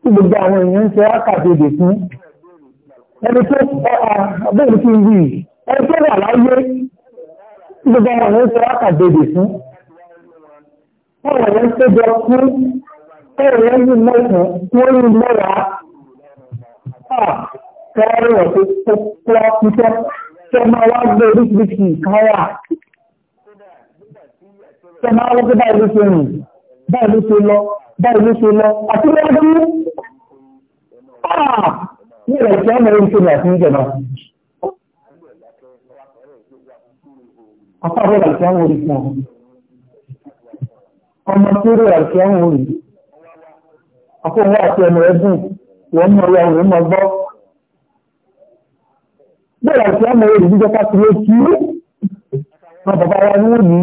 tí gbogbo àwọn èèyàn ń ṣe wákàtí èdè fún ẹni tó bẹ́ẹ̀ ni kí n wí ẹni tó wà láyé gbogbo àwọn ọ̀rẹ́ tó wákàdébè fún àwọn ọ̀rẹ́ tó jọ fún ọ̀rẹ́ ní mẹ́sàn-án wọ́n ní mẹ́wàá kọ́ọ̀rọ̀ tó tọ́ púpọ̀ tó máa wá gbé oríṣiríṣi nǹkan wà tó máa wọ́n pé báyìí ló ṣe rìn báyìí ló ṣe lọ báyìí ló ṣe lọ àti wọ́n dún ní ìrẹ̀kẹ́ ọmọ orí ṣe nà fún ìjọba. afáfẹ́ àti àwọn orí fún ọmọ ọmọ tí ó rẹ̀ àti àwọn orí akóhùn àti ọmọ ẹ̀dùn wọ́n mọ̀ ya òun mọ̀ gbọ́ bẹ́ẹ̀ àti àwọn orí jíjẹ́ káàkiri ó kí ma bàbá wa ní òní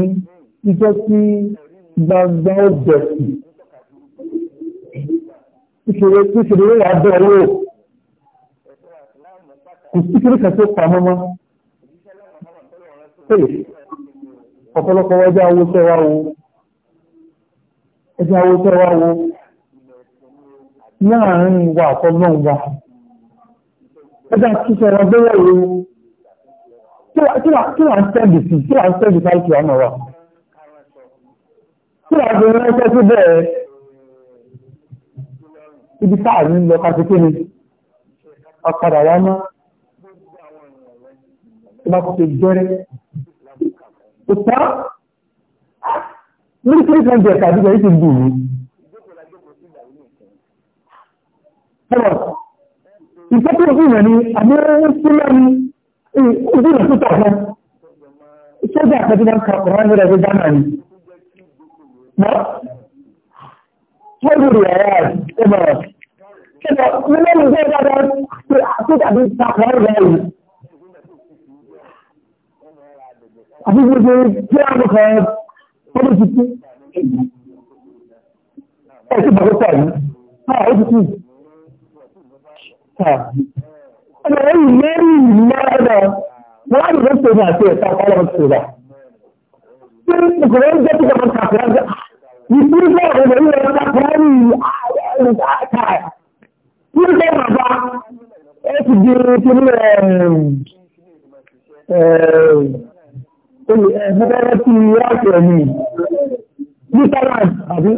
jíjẹ́ sí gbangba ó bẹ̀sì kíṣeré kíṣeré wà bẹ́ẹ̀ wò kò sí kíṣeré kan tó pa mọ́mọ́ ọ̀pọ̀lọpọ̀ ẹjẹ́ awóṣẹ́ wá wo ẹjẹ́ awóṣẹ́ wá wo láàrin wa àtọ́gbọ́n wa ẹjẹ́ àtúnṣẹ́ wọn bẹ́rẹ̀ wo kí wà ń tẹ́bì sí kí wà ń tẹ́bì sí àìkú àmọ́ wa kí wà ń tẹ́bì ránṣẹ́ sí bẹ́ẹ̀ ibi táàrin lọ kásìkí ni ọ̀padà wá mọ́ tí wọ́n kò tọ́ lórí kí nǹkan jẹ tàbí jẹ ìsìn bù mí. ọ̀rọ̀ ìfẹ́ tó fi hàn ní àmì sílẹ̀ ní ojú rẹ̀ tó tọ̀ fún sójà àkọ́jú náà kà kọ̀ọ̀rọ̀ ní ẹgbẹ́ gánà ni. Tọ́jú rẹ̀ ẹ̀ ẹ̀ bọ̀rọ̀. Ṣé lọ́nà ìgbẹ́ ìdájọ́ tó tàbí takọ̀ọ́ rẹ̀ yìí? àti gbogbo tí a mọ̀ kan tó ti kú ẹ̀ sí bàbá pàdé náà ó ti kú ọ̀nà ẹ̀yìn lẹ́rìn ìmọ̀ọ́dọ̀ wọ́n á lè tó ní àti ẹ̀ta ọlọ́run tó rà tí ìkòrò ń jẹ́ Ẹgbẹ́rẹ́ tí wọ́n rẹ̀ ní Nítorán àbí?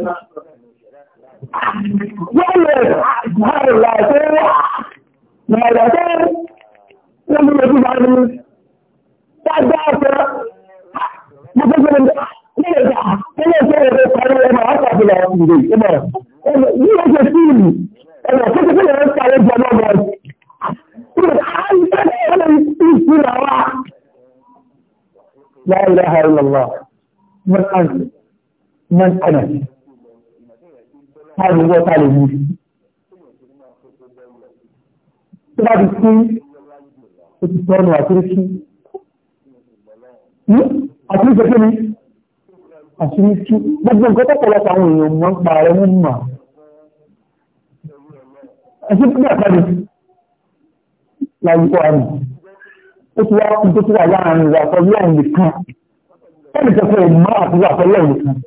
Wọ́n lè àìrìn láìpẹ́ láìpẹ́ wọ́n mú ojú bá ní dájá ọ̀pẹ́ gbogbo ní ẹ̀dà nílé ìṣẹ́ ẹ̀rẹ́ pẹ̀lú ẹmọ àpàbílẹ̀ ìrè ẹmọ ní ọjọ́ sí ìlú ẹmọ tó ti fẹ́lẹ̀ ń parí jẹ́ mọ́ لا إله إلا الله من أنت من أنا هذا هو تعليمي تبعد السين وتتورن وعترشي àtúnṣe kí ni àtúnṣe gbogbo nǹkan tọ́pọ̀lọpọ̀ àwọn èèyàn mọ́ ń pa ààrẹ mú mà ẹ̀sìn tó gbà kalẹ̀ láyé kó àrùn ó ti wá kú tó ti wà láàrin ìwà àtọ́lọ́run nìkan ẹnì kẹfẹ́ ìmọ̀ àti ìwà àtọ́lọ́run nìkan.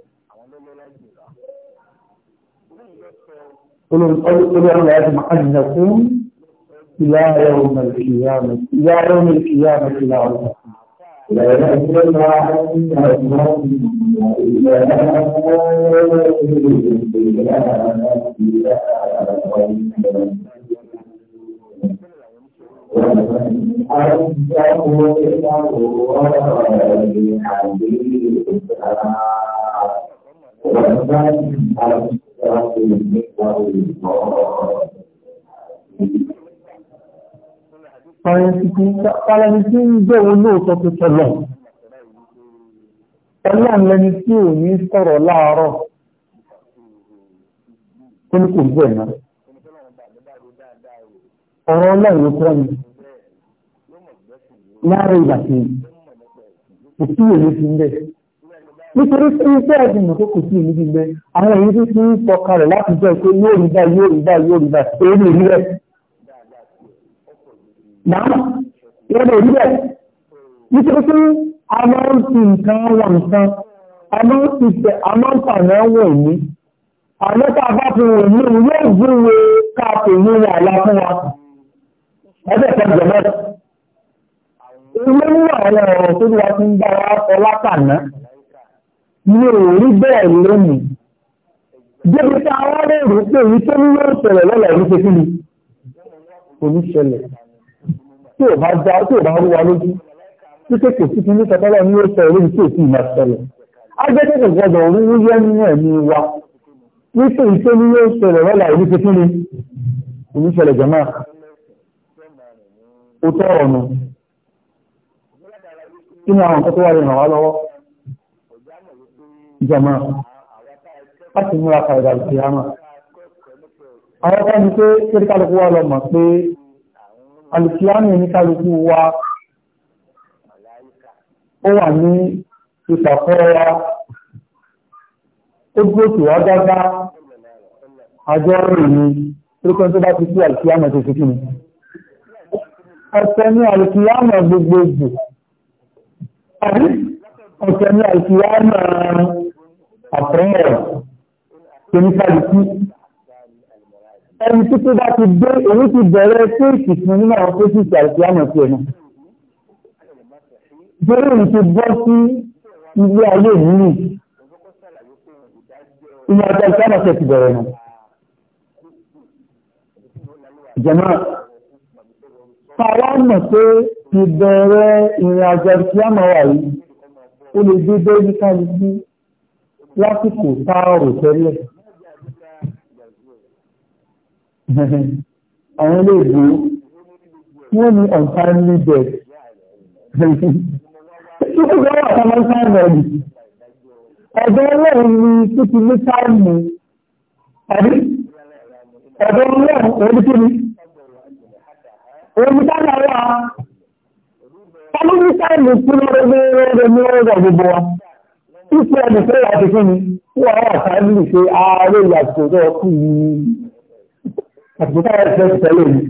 olórí ọ̀rọ̀ ẹ̀dùn àjìnà fún ìlà ẹ̀rùn ìkìyàmù ìlà ẹ̀rùn ìkìyàmù ìlà ọ̀rọ̀. Thank you. وأنزلوا إلى حديث ومن أصدق من الله Àwọn ìsìnkú sára ní tí ń jẹ́ olóòtọ́ tó tọ́lọ̀. Ọlọ́run lẹni tí ò ní sọ̀rọ̀ láàárọ̀, tó ní kò gbẹ̀mọ́ ọ̀rọ̀ ọlọ́run kọ́ ni láàrin ìgbà tí kò sí èmi fi ń bẹ̀. nítorí pé iṣẹ́ ẹ̀sìn mọ̀ pé kò sí èmi fi ń bẹ̀ àwọn èyí tó ti ń tọ́ka rẹ̀ láti jẹ́ pé yóò rí bá yóò rí bá yóò rí bá èyí lè rí bẹ́ẹ̀. Nàá yóò lè rí bẹ́ẹ̀. nítorí pé a máa ń fi nǹkan wà nǹkan a máa ń fi tẹ a máa ń fànà wọ̀ ní. àmọ́ tá a bá fi wọ̀ ní òun yóò káàkiri ní àlá fún ẹgbẹ́ kan jẹ mẹ́rin. Ilé ní àwọn ọ̀rọ̀ tó wá ti ń bá wa sọ látàná. Mi ò rí bẹ́ẹ̀ lónìí. Débi tá a wá lérò pé èyí tó ní yóò ṣẹlẹ̀ lọ́la ìlú ṣe kí ni? Kò ní ṣẹlẹ̀. Tí ò bá já tí ò bá rú wa lójú. Títí kò sí kí ní sọtọ́lọ́ ní yóò ṣẹlẹ̀ tí ò sì máa ṣẹlẹ̀. Agbẹ́jẹ́ gbọdọ̀ rí wíyẹ́ nínú ẹ̀mí wa. Wípé èyí tó ní yóò ṣẹlẹ̀ lọ́la ìlú ṣe kí ni? Kò ní ṣẹlẹ̀ jẹ̀ máa ó tọ́ ọ̀nà kí ni àwọn kọ́tọ́ wà lè ràn wá lọ́wọ́ ìjọmọ́ láti múra kàrìdà ìpè àmà àwọn ọ̀pá ni pé kí kálukú wa lọ mọ̀ pé alùpùpù ní kálukú wa ó wà ní ìpàkọ́ra ó dúró tì wá dáadáa àjọ rẹ̀ ní torí kan tó bá ti sí alùpùpù tó fi kí ni ọ̀sẹ̀ ní àìkìyàmọ̀ gbogbogbò àbí ọ̀sẹ̀ ní àìkìyàmọ̀ àfẹ́yẹ̀ kìníkàlùkù ẹni tí tó bá ti dé èyí ti bẹ̀rẹ̀ sí ìsìnkú nínú àwọn tó sì àìkìyàmọ̀ sí ẹ̀nà bẹ́rẹ̀ ní ti bọ́ sí ilé ayé ìlú ìyàtọ̀ ìkàmọ̀ sí ti bẹ̀rẹ̀ nù jẹ̀mọ́ Tàwa mọ̀ pé ìbẹ̀rẹ̀ ìrìn àjò tí a máa wà yìí, ó lè dé dé ní kálukú lásìkò tá a rò tẹ́lẹ̀. Àwọn ilé ìgbò wọ́n ní untimely death. Títí ìgbà wà tá a máa ń sáà rẹ̀ yìí. Ọ̀dọ́ ọlọ́run ni títí ní sáà mú. Ọ̀dọ́ ọlọ́run orí kí ni? olùdájà wà á kọ́lùmísà ìlú tí wọ́n rẹ̀ rẹ̀ ní ọ̀rọ̀ gbogbo wa ipò ẹni pé láti fún mi tí wọ́n wà fáìlì ṣe ààrẹ ìyàtọ̀ tó kù yìí àtúntò táwọn ẹ̀fẹ́ ti tẹ̀lé mi.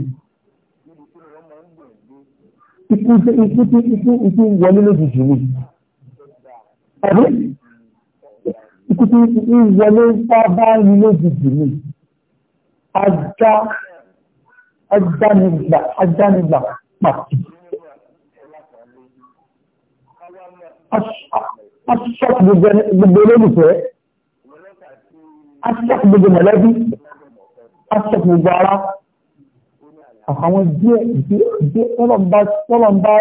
ikú ikú tí ikú ikú ń wọlé lójijì mi àbí ikú tí ikú ń wọlé bá bá ní lójijì ajá agbánigbà agbánigbà pàtì. Aṣíṣàk gbogbo olólùfẹ́, aṣíṣàk gbogbo mọ̀lẹ́bí, aṣíṣàk gbogbo ara. Àwọn díẹ̀ díẹ̀ tọ́lọ̀ ń bá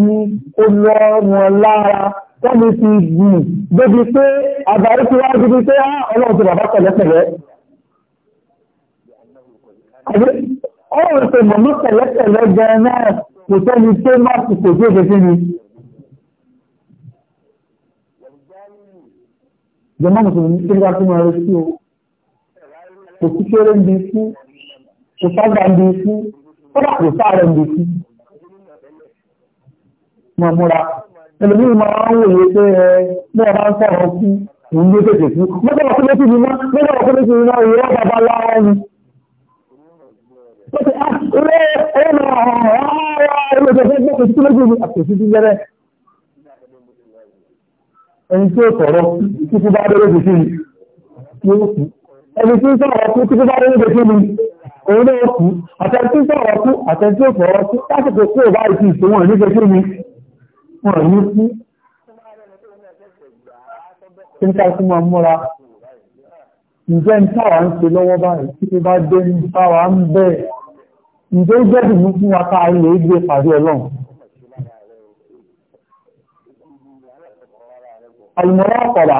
ní olóòrùn lára wọ́n lè fi gùn débi pé àgbáyé tí wọ́n débi pé ọlọ́run ti bàbá pẹ̀lẹ́pẹ̀lẹ́ ọ̀rọ̀ ìpè mọ̀mí tẹ̀lẹ́tẹ̀lẹ́ gan náà kò sẹ́ni tó má ti kò tó ṣe síni. Jọmọ́ Mùsùlùmí tó bá tó máa retí o. Kò sí kéré ń bi ikú, kò sábà ń bi ikú, kódà kò sáàrẹ̀ ń bi ikú. Mo múra. Ẹlòmíì máa ń wòye pé ẹ bí ọba ń sọ̀rọ̀ kú, òun ló tètè kú. Mọ́tò ọ̀kọ́ létí mi mọ́, mọ́tò ọ̀kọ́ létí mi mọ́, ìwé ọ̀bàbá lára ẹni wọ́n ti ah, rẹ ẹ̀rọ ẹ̀rọ ẹ̀rọ ẹ̀rọ kò sí lójú àkòsí sí jẹ́rẹ́ ẹni tí ó sọ̀rọ̀ títí bá dé lójú sí ni ó kú ẹni tí ó sọ̀rọ̀ kú títí bá dé lójú sí ni òun náà kú àtẹni tí ó sọ̀rọ̀ kú àtẹni tí ó sọ̀rọ̀ kú lásìkò tí ò bá ìtì ìṣòwò ní kékeré ni wọn ní kú tí ń ká sí máa múra ǹjẹ́ ń táwa ń ṣe lọ́wọ́ báyìí títí bá dé ń táwa ń bẹ́ẹ̀ ǹjẹ́ ó jẹ́ dùn fún wa káà lè gbé pàdé ọlọ́run àlùmọ́rá ọ̀pọ̀lá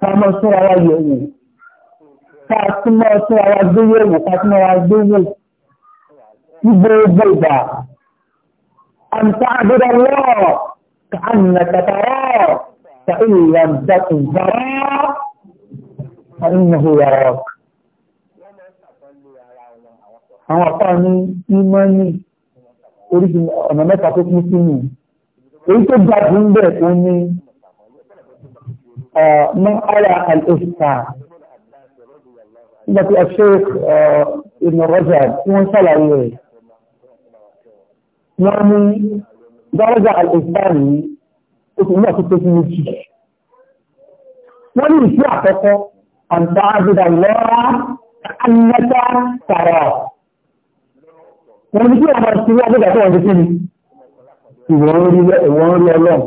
káàmọ́ sún ara yẹ̀wò káàtúmọ́ sún ara gbéyẹ̀wò káàtúmọ́ ara gbéyẹ̀wò ibo ibo ìgbà àǹtá àgbẹ̀dọ̀ lọ́ọ̀ káàmì tàtàrọ̀ kàìlì àǹdàkùn bàrá kàìlì ìhòyàrọ̀. àwọn àpá ní ìmọ̀ọ́nì oríṣi ọ̀nà mẹ́ta tó kún sí nù èyí tó ga jù ń bẹ̀ tó ní mọ́hálà al-ihsan nígbà tí Sheikh Ibn Rajab tí wọ́n ṣàlàyé rẹ̀ wọ́n ní daraja al-ihsan yìí ó ti ní àkókò sí méjì wọ́n ní ìṣú àkọ́kọ́ àǹtá àbúdà lọ́rọ̀ anaka tààrà wọn bí kí wọn máa ti rí abúlé àti wọn ti kí ni ìwọ̀n rí ìwọ̀n rí ọlọ́run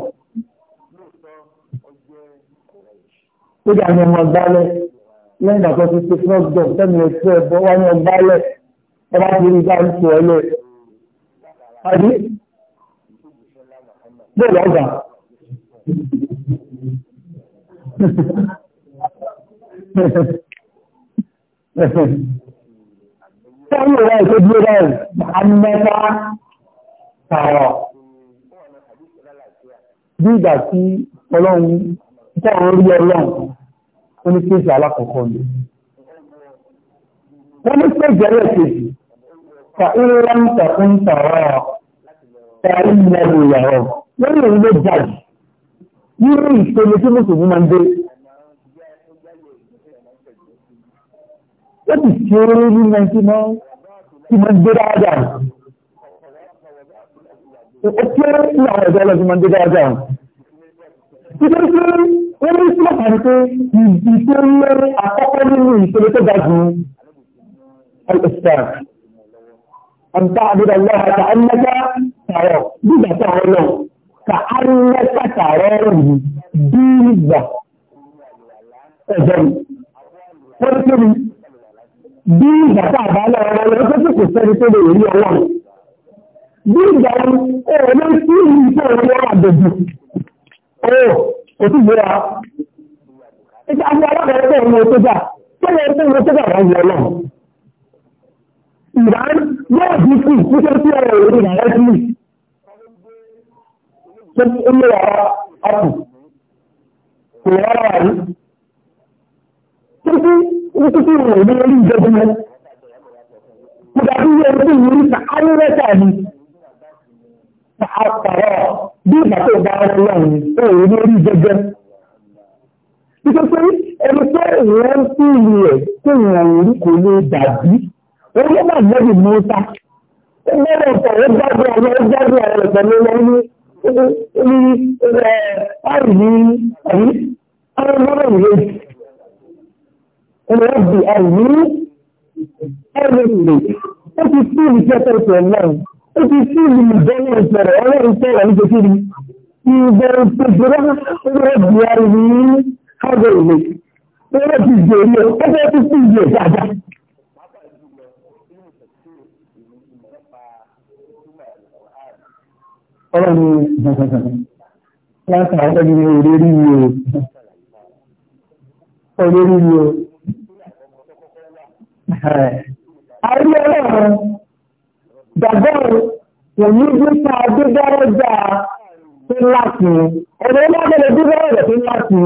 ó dà ní ọmọ gbálẹ̀ lẹ́yìn ìgbà tó ti fún ọgbọ̀ tẹ́mi ẹ̀fọ́ ẹ̀bọ́ wá ní ọgbálẹ̀ ẹ bá ti rí bá ń sọ ẹlẹ́ àbí bẹ́ẹ̀ lọ́gbà Thank you. Sọ́yìn rẹ̀ tó dúró rẹ̀ Mọ́hámẹ́ta tààrọ̀. Bí ìgbà tí ọlọ́run tẹ́ àwọn orí ọlọ́run ó ní kéèsì alákọ̀ọ́kọ́ ni. Wọ́n ní pé jẹ́rẹ̀ kejì, ta ìrora ń tàkún tààrọ̀ ta ìlú ẹ̀rọ ìyàrọ̀. Lórí ìlú ló jáde, nínú ìpele ó sì ṣe é rí nínú ẹni tí máa ń gbé dáadáa ó kéré ní àwọn ẹ̀dọ́ ọlọ́sí máa ń gbé dáadáa nítorí pé ó ní sí ọ̀kan pé ìdí tó ń lé àkọ́kọ́ nínú ìṣẹ̀lẹ̀ tó ga jù al-islam ọ̀tá àbúrò lọ́wọ́ ka ẹnẹ́ta tààrọ̀ nígbà tààrọ̀ lọ ka ẹnẹ́ta tààrọ̀ rẹ̀ bí ìgbà ẹ̀jẹ̀ mi. wọ́n ti tóbi bí ìgbàta àbálẹ̀ ọ̀rọ̀ ọ̀rọ̀ tó kò sẹ́ni tó lè rí ọlọ́run bí ìgbà ọ̀rọ̀ ló sí ìlú iṣẹ́ ọ̀rọ̀ àdòdò ọ̀rọ̀ kò sí ìgbéra ìgbà àwọn alábẹ̀rẹ̀ tó ń lo sójà tó lè tó ń lo sójà wọ́n yọ náà ìgbà yóò di sí títí tí ọ̀rọ̀ òní ìgbà rẹ̀ sí tó ń lo ọ̀rọ̀ kò rárá rí títí títí rẹ̀ ní orí ìjọba rẹ̀. Mo dàbí ilé ẹni ní orí sàárẹ̀ rẹ̀ta ni. Àpàrọ̀ bí ìgbà tó bá wọn lọ ní òun ní orí ìjọba. Nítorí ẹni tó ìwọ̀n sí ìlú rẹ̀ tó ìwọ̀n orí kò lè dàbí. Wọ́n yóò máa lẹ́bi mọ́ta. Ó bẹ̀rẹ̀ sọ̀rọ̀ gbádùn àwọn gbádùn àwọn ẹ̀sẹ̀ ló lọ ní ní ẹ̀ ẹ̀ ní ẹlẹ́bi ẹ̀rí ẹ̀rẹ́lẹ̀ ó ti sí ìlú tẹ́tẹ́ ìtọ́ náà ó ti sí ìlú ìbẹ́lẹ̀ ìtọ́rọ̀ ọlọ́run tẹ́rọ̀ ní kékeré ìbẹ̀rù tẹ̀síra ẹlẹ́bi ẹ̀rí ẹ̀rẹ́lẹ̀ ẹ̀rẹ́ ti jèrè ẹgbẹ́ ti sí ìyè dáadáa. Ọlọ́run láti àwọn ọ̀gbìn orí rí o. Orí rí o àrí ọlọ́run gbàgbọ́ kò ní bí ká dúdọ́rọ́ gbà tó láti ẹ̀rọ ọlọ́gbẹ̀rẹ̀ dúdọ́rọ́ rẹ̀ tó láti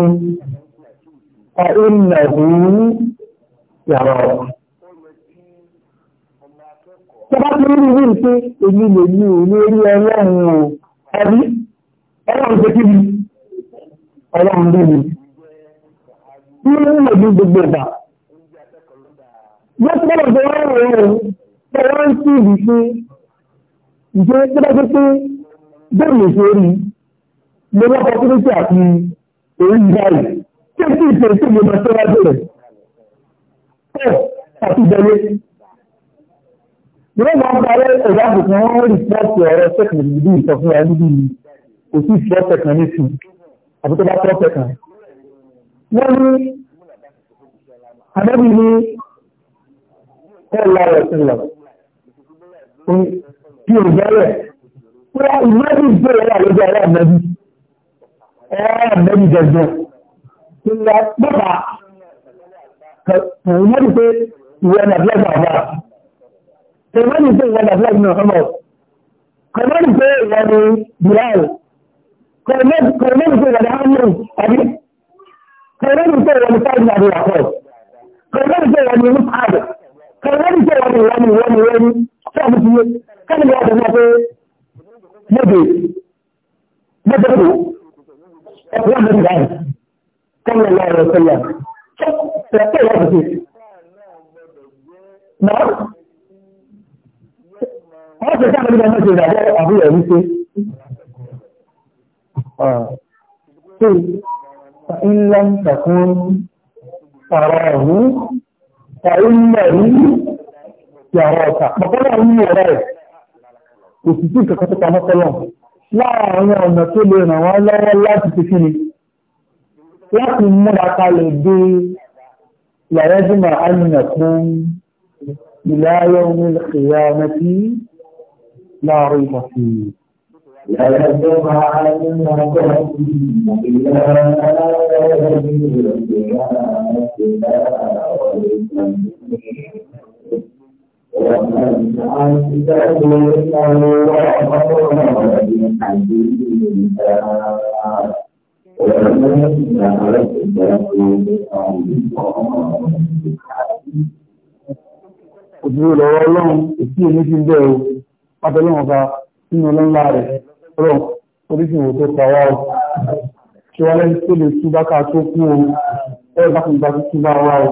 ọ̀rọ̀ ìnàwó yàrá ọ̀rọ̀. Tọ́ba ti rí rí rí pé èmi lè ní òní orí o, ẹ̀rí Mọ́tíbọ̀lọ̀ tó wọ́n rẹ̀ rẹ̀ tó wọ́n ń tí ìlú sí ìṣe tó bá tó pé bẹ́ẹ̀ lè ṣe rí ló bá kọ́ tó tó àti èyí báyìí tí ó sì ṣe sí ìlú máa tó wájú rẹ̀. Ẹ àti ìdẹ́lé. Ìwé máa ń parẹ́ ẹ̀dá àbùkù wọn rí fúláṣì ọ̀rọ̀ sẹ́kìnì ìdí ìtọ́fún wa níbi kò sí fúláṣì kan ní sí àbí tó bá fúláṣì kan. Wọ́n ní àdẹ́bí ní sallallahu alaihi wasallam kí o bẹ̀rẹ̀ pé ìmọ̀lẹ́ ìbéèrè wà lójú ọ̀rọ̀ ànábì ọ̀rọ̀ ànábì gẹ̀gẹ̀ tí wọ́n bàbà kò mọ́ni pé ìwọ ní abúlé bàbá kò mọ́ni pé ìwọ ní abúlé ní ọ̀hánà kò mọ́ni pé ìwọ ní bilal kò mọ́ni pé ìwọ ní hamlin àbí kò mọ́ni pé ìwọ ní fáìlì àbí wàkọ́ kò mọ́ni pé ìwọ ní mùsàlẹ̀ kẹrẹ́rì jẹ́ wọ́n ni wọ́n ni wọ́n ni wọ́n ni fẹ́ẹ̀mù ti yé kẹ́lì ni ọ̀dọ̀ náà pé méje méje ló ẹ̀kọ́ ọ̀dọ̀ ní báyìí kẹ́lì ọ̀la ẹ̀rọ sẹ́lẹ̀ ṣẹ́kẹ́ ìyá ìdíje. Náà wọ́n ṣe sáà nígbà náà ṣe ìrìnàjò àbúrò ẹ̀rí ṣe. ọ̀hún fàílẹ̀rí yàrá ọ̀tà pọ̀pọ̀lọ̀ ń yẹ̀ rẹ̀ òsìsí ìkẹ̀kọ́ tó pamọ́ pọ́lọ̀ láàárín ọ̀nà tó lè ràn wá lọ́wọ́ láti fi kíni láti múra kalẹ̀ dé làyẹ́dìmọ̀ àmìnà fún ìlàyọ̀ onílẹ̀ ìyá láàárín ìgbà sí ليجمعنكم إلى يوم القيامة لا ريب فيه ومن عبد الله بحديثا ومن عبده الله Òdúró lọ́wọ́ ọlọ́run, èsì èmi ti ń bẹ́ o, pátẹ́lẹ́wọ̀n ká nínú ọlọ́ńlá rẹ̀ rọ̀ oríṣìíwò tó pàwà ọ̀ kí wọ́n lẹ́yìn tó lè túbá ká tó kú o ẹ̀rọ bá kún bá tó túbá wa o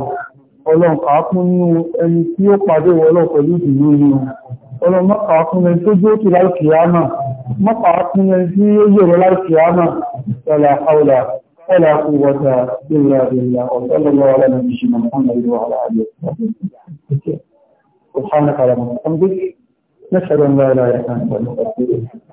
ọlọ́run kà á kún ní ẹni tí ó pàdé ìwọ ọlọ́run pẹ̀lú ìdùnnú ni o ọlọ́run má ẹni tó jó tù láì kìámà má ẹni tí ó yẹ̀rọ láì kìámà ọ̀là àwòlà ọ̀là quwwata نشهد ان لا اله الا انت نستغفرك